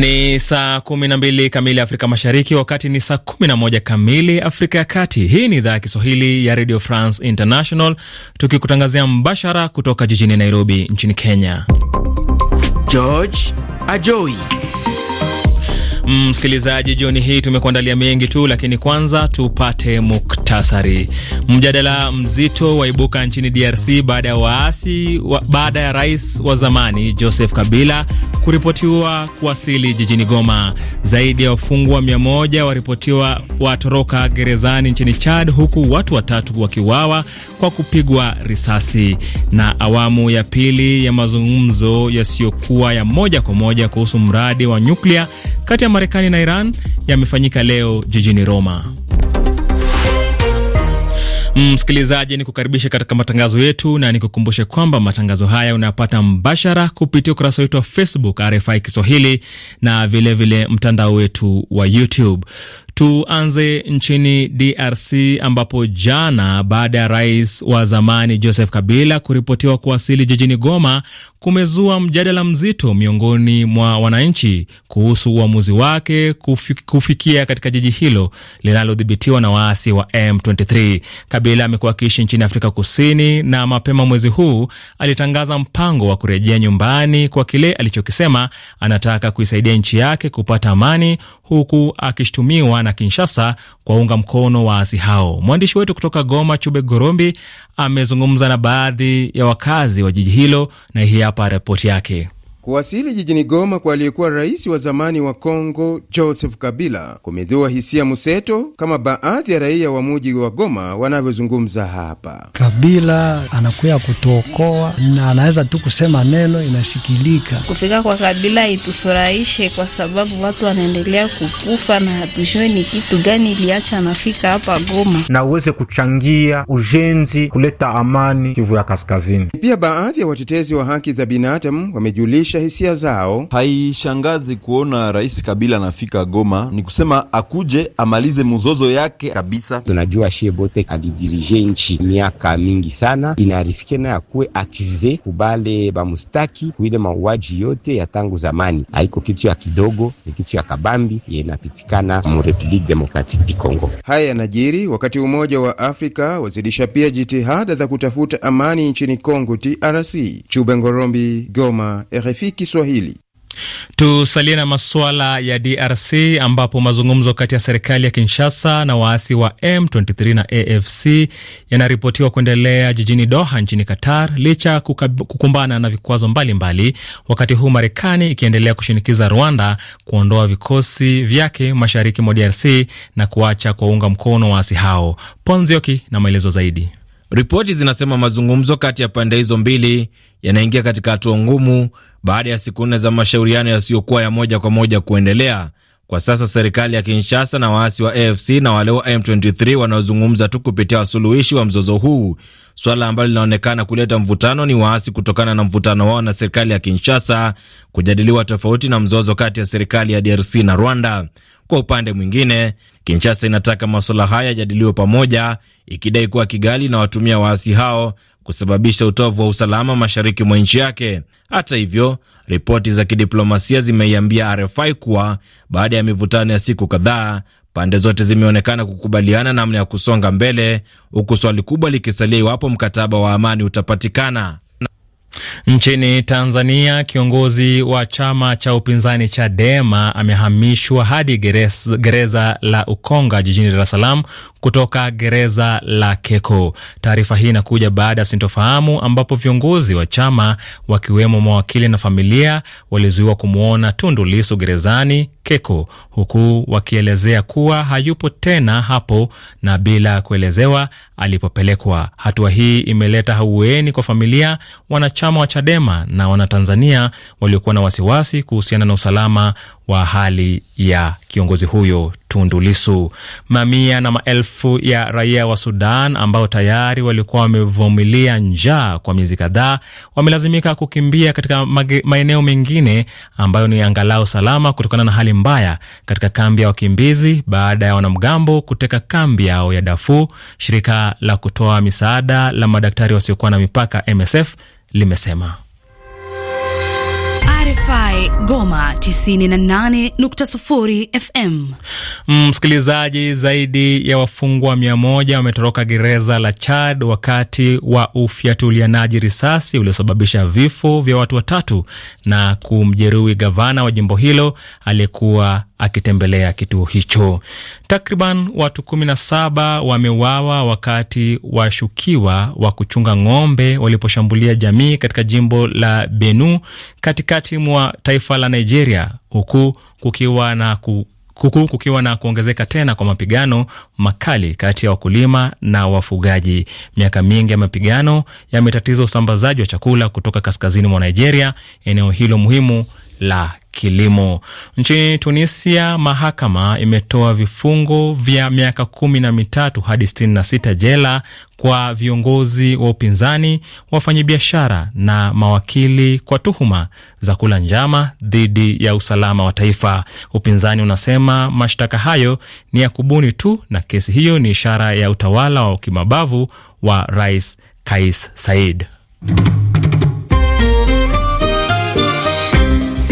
Ni saa 12 kamili Afrika Mashariki, wakati ni saa 11 kamili Afrika ya Kati. Hii ni idhaa ya Kiswahili ya Radio France International, tukikutangazia mbashara kutoka jijini Nairobi nchini Kenya. George Ajoi. Mm, msikilizaji, jioni hii tumekuandalia mengi tu, lakini kwanza tupate muktasari. Mjadala mzito waibuka nchini DRC baada ya waasi wa, baada ya rais wa zamani Joseph Kabila kuripotiwa kuwasili jijini Goma. Zaidi ya wafungwa mia moja waripotiwa watoroka gerezani nchini Chad, huku watu watatu wakiwawa kwa kupigwa risasi. Na awamu ya pili ya mazungumzo yasiyokuwa ya moja kwa moja kuhusu mradi wa nyuklia kati ya Marekani na Iran yamefanyika leo jijini Roma. Mm, msikilizaji, ni kukaribisha katika matangazo yetu na nikukumbushe kwamba matangazo haya unayapata mbashara kupitia ukurasa wetu wa Facebook RFI Kiswahili na vilevile mtandao wetu wa YouTube. Tuanze nchini DRC ambapo jana, baada ya rais wa zamani Joseph Kabila kuripotiwa kuwasili jijini Goma, kumezua mjadala mzito miongoni mwa wananchi kuhusu uamuzi wake kufikia katika jiji hilo linalodhibitiwa na waasi wa M23. Kabila amekuwa akiishi nchini Afrika Kusini na mapema mwezi huu alitangaza mpango wa kurejea nyumbani kwa kile alichokisema anataka kuisaidia nchi yake kupata amani huku akishutumiwa na Kinshasa unga mkono waasi hao. Mwandishi wetu kutoka Goma, Chube Gorombi, amezungumza na baadhi ya wakazi wa jiji hilo na hii hapa ripoti yake. Kuwasili jijini Goma kwa aliyekuwa rais wa zamani wa Kongo Joseph Kabila kumedhua hisia mseto, kama baadhi ya raia wa muji wa Goma wanavyozungumza hapa. Kabila anakuya kutuokoa na anaweza tu kusema neno inasikilika. Kufika kwa Kabila itufurahishe kwa sababu watu wanaendelea kukufa na hatujue ni kitu gani iliacha anafika hapa Goma na uweze kuchangia ujenzi, kuleta amani Kivu ya Kaskazini. Pia baadhi ya watetezi wa haki za binadamu wamejulisha kuonyesha hisia zao. Haishangazi kuona Rais Kabila anafika Goma, ni kusema akuje amalize mzozo yake kabisa. Tunajua shie bote alidirije nchi miaka mingi sana, inariske naye akuwe akuse kubale bamustaki kuile mauaji yote ya tangu zamani. Haiko kitu ya kidogo, ni kitu ya kabambi yenapitikana mu Republique Democratique du Congo. Haya yanajiri wakati Umoja wa Afrika wazidisha pia jitihada za kutafuta amani nchini congo DRC. Chube Ngorombi, Goma, RFI. RFI Kiswahili. Tusalie na masuala ya DRC ambapo mazungumzo kati ya serikali ya Kinshasa na waasi wa M23 na AFC yanaripotiwa kuendelea jijini Doha nchini Qatar licha kukumbana na vikwazo mbalimbali mbali, wakati huu Marekani ikiendelea kushinikiza Rwanda kuondoa vikosi vyake mashariki mwa DRC na kuacha kuwaunga mkono waasi hao. Ponzioki na maelezo zaidi. Ripoti zinasema mazungumzo kati ya pande hizo mbili yanaingia katika hatua ngumu baada ya siku nne za mashauriano yasiyokuwa ya moja kwa moja kuendelea. Kwa sasa serikali ya Kinshasa na waasi wa AFC na wale wa M23 wanaozungumza tu kupitia wasuluhishi wa mzozo huu. Suala ambalo linaonekana kuleta mvutano ni waasi kutokana na mvutano wao na serikali ya Kinshasa kujadiliwa tofauti na mzozo kati ya serikali ya DRC na Rwanda. Kwa upande mwingine, Kinshasa inataka masuala haya yajadiliwe pamoja, ikidai kuwa Kigali inawatumia waasi hao kusababisha utovu wa usalama mashariki mwa nchi yake. Hata hivyo, ripoti za kidiplomasia zimeiambia RFI kuwa baada ya mivutano ya siku kadhaa, pande zote zimeonekana kukubaliana namna ya kusonga mbele, huku swali kubwa likisalia iwapo mkataba wa amani utapatikana. Nchini Tanzania, kiongozi wa chama cha upinzani Chadema amehamishwa hadi gereza, gereza la Ukonga jijini Dar es Salaam kutoka gereza la Keko. Taarifa hii inakuja baada ya sintofahamu ambapo viongozi wa chama wakiwemo mawakili na familia walizuiwa kumwona Tundu Lisu gerezani Keko, huku wakielezea kuwa hayupo tena hapo na bila kuelezewa alipopelekwa. Hatua hii imeleta haueni kwa familia wanachama wanachama wa Chadema na Wanatanzania waliokuwa na wasiwasi kuhusiana na usalama wa hali ya kiongozi huyo Tundu Lissu. Mamia na maelfu ya raia wa Sudan ambao tayari walikuwa wamevumilia njaa kwa miezi kadhaa wamelazimika kukimbia katika maeneo mengine ambayo ni angalau salama kutokana na hali mbaya katika kambi ya wakimbizi baada ya wanamgambo kuteka kambi yao ya Darfur. Shirika la kutoa misaada la madaktari wasiokuwa na mipaka MSF limesema. RFI Goma 98.0 FM. Msikilizaji, zaidi ya wafungwa mia moja wametoroka gereza la Chad wakati wa ufyatulianaji risasi uliosababisha vifo vya watu watatu na kumjeruhi gavana wa jimbo hilo aliyekuwa akitembelea kituo hicho. Takriban watu 17 wameuawa wakati washukiwa wa kuchunga ng'ombe waliposhambulia jamii katika jimbo la Benue katikati mwa taifa la Nigeria, huku kukiwa na ku huku kukiwa na kuongezeka tena kwa mapigano makali kati ya wakulima na wafugaji. Miaka mingi ya mapigano yametatiza usambazaji wa chakula kutoka kaskazini mwa Nigeria, eneo hilo muhimu la kilimo. Nchini Tunisia, mahakama imetoa vifungo vya miaka kumi na mitatu hadi sitini na sita jela kwa viongozi wa upinzani, wafanyabiashara na mawakili kwa tuhuma za kula njama dhidi ya usalama wa taifa. Upinzani unasema mashtaka hayo ni ya kubuni tu na kesi hiyo ni ishara ya utawala wa kimabavu wa Rais Kais Saied.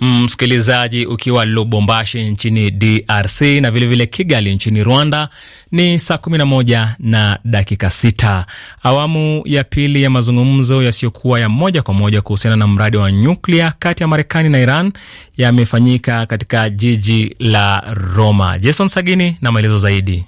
Mm, msikilizaji, ukiwa Lubumbashi nchini DRC na vilevile vile Kigali nchini Rwanda, ni saa 11 na dakika sita. Awamu ya pili ya mazungumzo yasiyokuwa ya moja kwa moja kuhusiana na mradi wa nyuklia kati ya Marekani na Iran yamefanyika katika jiji la Roma. Jason Sagini na maelezo zaidi.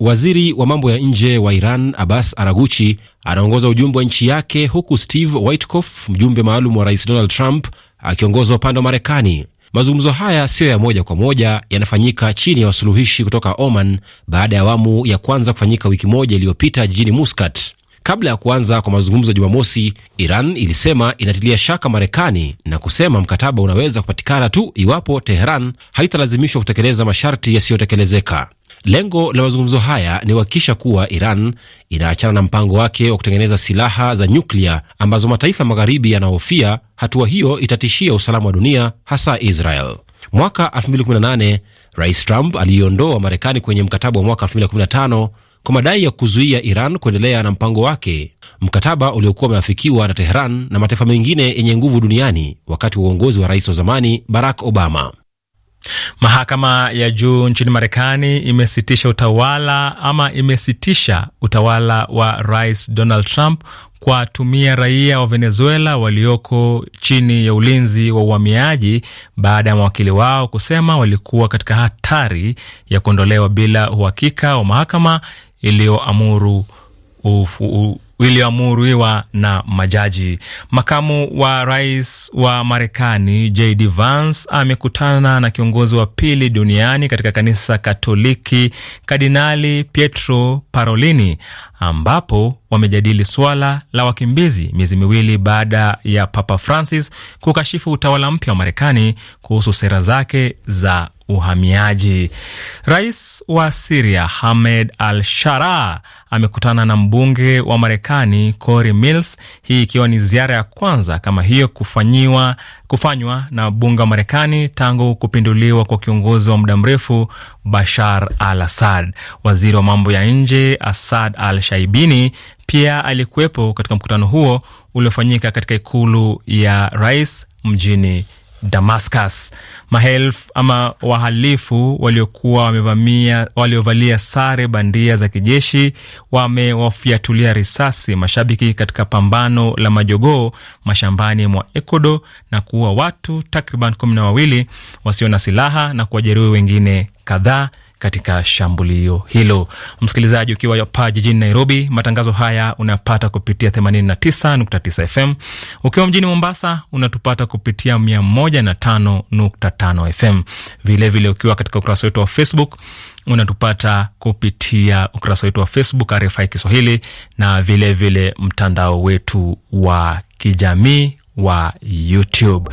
Waziri wa mambo ya nje wa Iran Abbas Araguchi anaongoza ujumbe wa nchi yake huku Steve Witkoff, mjumbe maalum wa rais Donald Trump, akiongoza upande wa Marekani. Mazungumzo haya siyo ya moja kwa moja, yanafanyika chini ya wasuluhishi kutoka Oman baada ya awamu ya kwanza kufanyika wiki moja iliyopita jijini Muscat. Kabla ya kuanza kwa mazungumzo Jumamosi, Iran ilisema inatilia shaka Marekani na kusema mkataba unaweza kupatikana tu iwapo Teheran haitalazimishwa kutekeleza masharti yasiyotekelezeka. Lengo la mazungumzo haya ni kuhakikisha kuwa Iran inaachana na mpango wake wa kutengeneza silaha za nyuklia ambazo mataifa magharibi yanahofia hatua hiyo itatishia usalama wa dunia, hasa Israel. Mwaka 2018 Rais Trump aliiondoa Marekani kwenye mkataba wa mwaka 2015 kwa madai ya kuzuia Iran kuendelea na mpango wake, mkataba uliokuwa umeafikiwa na Teheran na mataifa mengine yenye nguvu duniani wakati wa uongozi wa rais wa zamani Barack Obama. Mahakama ya juu nchini Marekani imesitisha utawala ama imesitisha utawala wa Rais Donald Trump kwa tumia raia wa Venezuela walioko chini ya ulinzi wa uhamiaji baada ya mawakili wao kusema walikuwa katika hatari ya kuondolewa bila uhakika wa mahakama iliyoamuru iliyoamuliwa na majaji. Makamu wa rais wa Marekani JD Vance amekutana na kiongozi wa pili duniani katika kanisa Katoliki, Kardinali Pietro Parolini ambapo wamejadili swala la wakimbizi, miezi miwili baada ya Papa Francis kukashifu utawala mpya wa Marekani kuhusu sera zake za uhamiaji. Rais wa Siria Hamed Al Shara amekutana na mbunge wa Marekani Cory Mills, hii ikiwa ni ziara ya kwanza kama hiyo kufanyiwa kufanywa na bunge wa Marekani tangu kupinduliwa kwa kiongozi wa muda mrefu Bashar al Assad. Waziri wa mambo ya nje Assad al Shaibini pia alikuwepo katika mkutano huo uliofanyika katika ikulu ya rais mjini Damascus. Maelfu ama wahalifu waliokuwa wamevamia, waliovalia sare bandia za kijeshi wamewafiatulia risasi mashabiki katika pambano la majogoo mashambani mwa Ecuador na kuua watu takriban kumi na wawili wasio na silaha na kuwajeruhi wengine kadhaa katika shambulio hilo. Msikilizaji, ukiwa pa jijini Nairobi, matangazo haya unapata kupitia 89.9 FM. Ukiwa mjini Mombasa unatupata kupitia 105.5 FM. Vilevile vile ukiwa katika ukurasa wetu wa Facebook unatupata kupitia ukurasa wetu wa Facebook RFI Kiswahili na vilevile vile mtandao wetu wa kijamii wa YouTube.